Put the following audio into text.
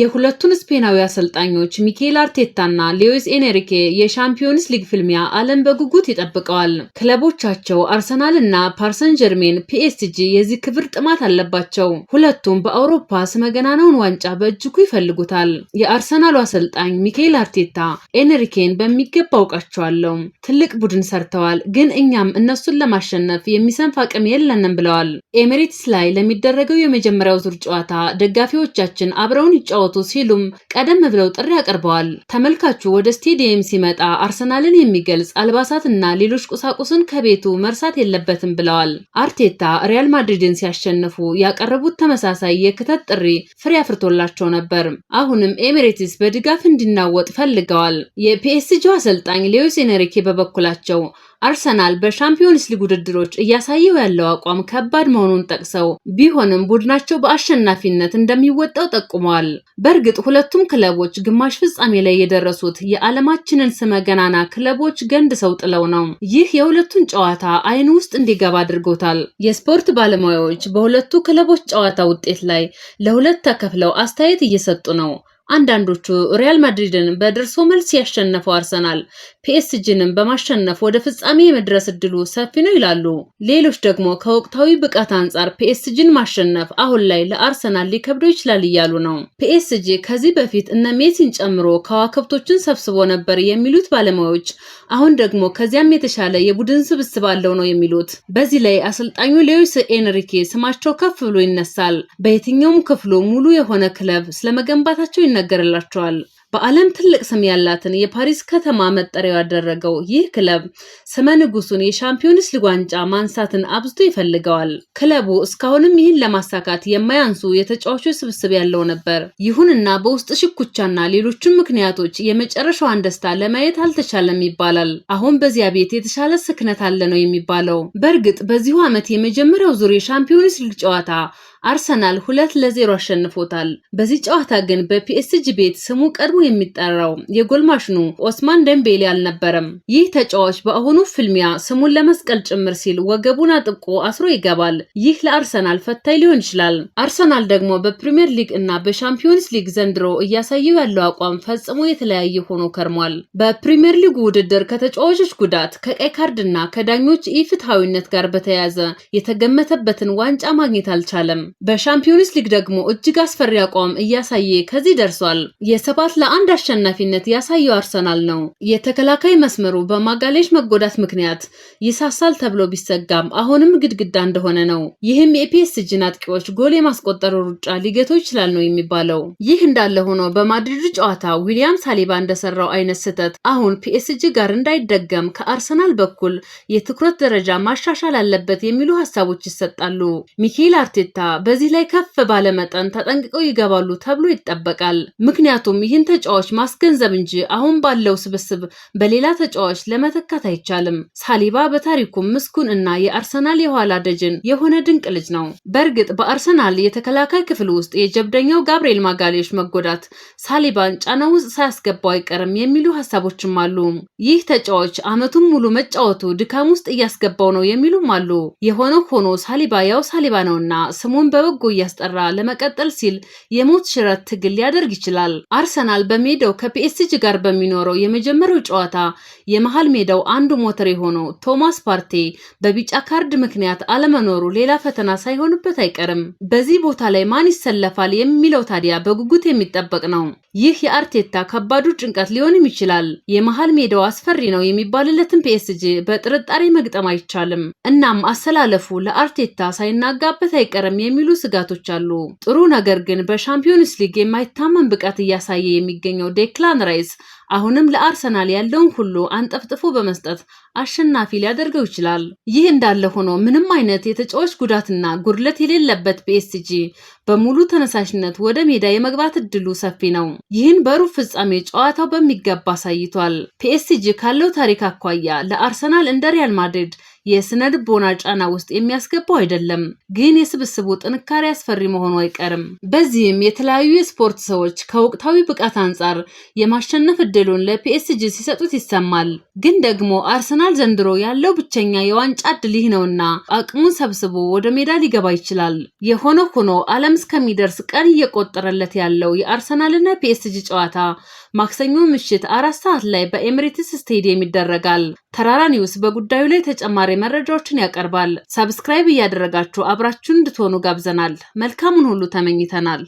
የሁለቱን ስፔናዊ አሰልጣኞች ሚኬል አርቴታና ሌዊስ ኤንሪኬ የሻምፒዮንስ ሊግ ፍልሚያ ዓለም በጉጉት ይጠብቀዋል። ክለቦቻቸው አርሰናልና ፓርሰን ጀርሜን ፒኤስጂ የዚህ ክብር ጥማት አለባቸው። ሁለቱም በአውሮፓ ስመገናናውን ዋንጫ በእጅጉ ይፈልጉታል። የአርሰናሉ አሰልጣኝ ሚኬል አርቴታ ኤንሪኬን በሚገባ አውቃቸዋለሁ፣ ትልቅ ቡድን ሰርተዋል፣ ግን እኛም እነሱን ለማሸነፍ የሚሰንፍ አቅም የለንም ብለዋል። ኤሜሬትስ ላይ ለሚደረገው የመጀመሪያው ዙር ጨዋታ ደጋፊዎቻችን አብረውን ይጫ ተጫወቱ ሲሉም ቀደም ብለው ጥሪ አቅርበዋል። ተመልካቹ ወደ ስቴዲየም ሲመጣ አርሰናልን የሚገልጽ አልባሳትና ሌሎች ቁሳቁስን ከቤቱ መርሳት የለበትም ብለዋል። አርቴታ ሪያል ማድሪድን ሲያሸንፉ ያቀረቡት ተመሳሳይ የክተት ጥሪ ፍሬ አፍርቶላቸው ነበር። አሁንም ኤሚሬትስ በድጋፍ እንዲናወጥ ፈልገዋል። የፒኤስጂው አሰልጣኝ ሌዊስ ኤንሪኬ በበኩላቸው አርሰናል በሻምፒዮንስ ሊግ ውድድሮች እያሳየው ያለው አቋም ከባድ መሆኑን ጠቅሰው ቢሆንም ቡድናቸው በአሸናፊነት እንደሚወጣው ጠቁመዋል። በእርግጥ ሁለቱም ክለቦች ግማሽ ፍጻሜ ላይ የደረሱት የዓለማችንን ስመ ገናና ክለቦች ገንድ ሰው ጥለው ነው። ይህ የሁለቱን ጨዋታ አይን ውስጥ እንዲገባ አድርጎታል። የስፖርት ባለሙያዎች በሁለቱ ክለቦች ጨዋታ ውጤት ላይ ለሁለት ተከፍለው አስተያየት እየሰጡ ነው። አንዳንዶቹ ሪያል ማድሪድን በደርሶ መልስ ያሸነፈው አርሰናል ፒኤስጂንም በማሸነፍ ወደ ፍጻሜ የመድረስ እድሉ ሰፊ ነው ይላሉ። ሌሎች ደግሞ ከወቅታዊ ብቃት አንጻር ፒኤስጂን ማሸነፍ አሁን ላይ ለአርሰናል ሊከብደው ይችላል እያሉ ነው። ፒኤስጂ ከዚህ በፊት እነ ሜሲን ጨምሮ ከዋክብቶችን ሰብስቦ ነበር የሚሉት ባለሙያዎች አሁን ደግሞ ከዚያም የተሻለ የቡድን ስብስብ አለው ነው የሚሉት። በዚህ ላይ አሰልጣኙ ሌዊስ ኤንሪኬ ስማቸው ከፍ ብሎ ይነሳል። በየትኛውም ክፍሉ ሙሉ የሆነ ክለብ ስለመገንባታቸው ይነ ይነገርላቸዋል። በዓለም ትልቅ ስም ያላትን የፓሪስ ከተማ መጠሪያው ያደረገው ይህ ክለብ ስመ ንጉሱን የሻምፒዮንስ ሊግ ዋንጫ ማንሳትን አብዝቶ ይፈልገዋል። ክለቡ እስካሁንም ይህን ለማሳካት የማያንሱ የተጫዋቾች ስብስብ ያለው ነበር። ይሁንና በውስጥ ሽኩቻና ሌሎችም ምክንያቶች የመጨረሻዋን ደስታ ለማየት አልተቻለም ይባላል። አሁን በዚያ ቤት የተሻለ ስክነት አለ ነው የሚባለው። በእርግጥ በዚሁ ዓመት የመጀመሪያው ዙር የሻምፒዮንስ ሊግ ጨዋታ አርሰናል ሁለት ለዜሮ አሸንፎታል። በዚህ ጨዋታ ግን በፒኤስጂ ቤት ስሙ ቀድሞ የሚጠራው የጎልማሽኑ ኦስማን ደምቤሌ አልነበረም። ይህ ተጫዋች በአሁኑ ፍልሚያ ስሙን ለመስቀል ጭምር ሲል ወገቡን አጥብቆ አስሮ ይገባል። ይህ ለአርሰናል ፈታኝ ሊሆን ይችላል። አርሰናል ደግሞ በፕሪምየር ሊግ እና በሻምፒዮንስ ሊግ ዘንድሮ እያሳየው ያለው አቋም ፈጽሞ የተለያየ ሆኖ ከርሟል። በፕሪምየር ሊጉ ውድድር ከተጫዋቾች ጉዳት፣ ከቀይ ካርድ እና ከዳኞች ኢፍትሐዊነት ጋር በተያያዘ የተገመተበትን ዋንጫ ማግኘት አልቻለም። በሻምፒዮንስ ሊግ ደግሞ እጅግ አስፈሪ አቋም እያሳየ ከዚህ ደርሷል። የሰባት ለአንድ አሸናፊነት ያሳየው አርሰናል ነው። የተከላካይ መስመሩ በማጋሌሽ መጎዳት ምክንያት ይሳሳል ተብሎ ቢሰጋም አሁንም ግድግዳ እንደሆነ ነው። ይህም የፒኤስጂን አጥቂዎች ጎል የማስቆጠሩ ሩጫ ሊገቶ ይችላል ነው የሚባለው። ይህ እንዳለ ሆኖ በማድሪዱ ጨዋታ ዊሊያም ሳሊባ እንደሰራው አይነት ስህተት አሁን ፒኤስጂ ጋር እንዳይደገም ከአርሰናል በኩል የትኩረት ደረጃ ማሻሻል አለበት የሚሉ ሀሳቦች ይሰጣሉ። ሚኬል አርቴታ በዚህ ላይ ከፍ ባለ መጠን ተጠንቅቀው ይገባሉ ተብሎ ይጠበቃል። ምክንያቱም ይህን ተጫዋች ማስገንዘብ እንጂ አሁን ባለው ስብስብ በሌላ ተጫዋች ለመተካት አይቻልም። ሳሊባ በታሪኩም ምስኩን እና የአርሰናል የኋላ ደጅን የሆነ ድንቅ ልጅ ነው። በእርግጥ በአርሰናል የተከላካይ ክፍል ውስጥ የጀብደኛው ጋብርኤል ማጋሌሽ መጎዳት ሳሊባን ጫና ውስጥ ሳያስገባው አይቀርም የሚሉ ሀሳቦችም አሉ። ይህ ተጫዋች አመቱን ሙሉ መጫወቱ ድካም ውስጥ እያስገባው ነው የሚሉም አሉ። የሆነው ሆኖ ሳሊባ ያው ሳሊባ ነውና ስሙን ስሙን በበጎ እያስጠራ ለመቀጠል ሲል የሞት ሽረት ትግል ሊያደርግ ይችላል። አርሰናል በሜዳው ከፒኤስጂ ጋር በሚኖረው የመጀመሪያው ጨዋታ የመሃል ሜዳው አንዱ ሞተር የሆነው ቶማስ ፓርቴ በቢጫ ካርድ ምክንያት አለመኖሩ ሌላ ፈተና ሳይሆንበት አይቀርም። በዚህ ቦታ ላይ ማን ይሰለፋል የሚለው ታዲያ በጉጉት የሚጠበቅ ነው። ይህ የአርቴታ ከባዱ ጭንቀት ሊሆንም ይችላል። የመሃል ሜዳው አስፈሪ ነው የሚባልለትን ፒኤስጂ በጥርጣሬ መግጠም አይቻልም። እናም አሰላለፉ ለአርቴታ ሳይናጋበት አይቀርም የሚ የሚሉ ስጋቶች አሉ። ጥሩ ነገር ግን በሻምፒዮንስ ሊግ የማይታመን ብቃት እያሳየ የሚገኘው ዴክላን ራይስ አሁንም ለአርሰናል ያለውን ሁሉ አንጠፍጥፎ በመስጠት አሸናፊ ሊያደርገው ይችላል። ይህ እንዳለ ሆኖ ምንም አይነት የተጫዋች ጉዳትና ጉድለት የሌለበት ፒኤስጂ በሙሉ ተነሳሽነት ወደ ሜዳ የመግባት እድሉ ሰፊ ነው። ይህን በሩብ ፍጻሜ ጨዋታው በሚገባ አሳይቷል። ፒኤስጂ ካለው ታሪክ አኳያ ለአርሰናል እንደ ሪያል ማድሪድ የስነ ልቦና ጫና ውስጥ የሚያስገባው አይደለም፣ ግን የስብስቡ ጥንካሬ አስፈሪ መሆኑ አይቀርም። በዚህም የተለያዩ የስፖርት ሰዎች ከወቅታዊ ብቃት አንጻር የማሸነፍ እድሉን ለፒኤስጂ ሲሰጡት ይሰማል። ግን ደግሞ አርሰናል አርሰናል ዘንድሮ ያለው ብቸኛ የዋንጫ እድል ይህ ነውና አቅሙን ሰብስቦ ወደ ሜዳ ሊገባ ይችላል። የሆነ ሆኖ ዓለም እስከሚደርስ ቀን እየቆጠረለት ያለው የአርሰናልና ፒኤስጂ ጨዋታ ማክሰኞ ምሽት አራት ሰዓት ላይ በኤምሬትስ ስቴዲየም ይደረጋል። ተራራ ኒውስ በጉዳዩ ላይ ተጨማሪ መረጃዎችን ያቀርባል። ሰብስክራይብ እያደረጋችሁ አብራችሁን እንድትሆኑ ጋብዘናል። መልካሙን ሁሉ ተመኝተናል።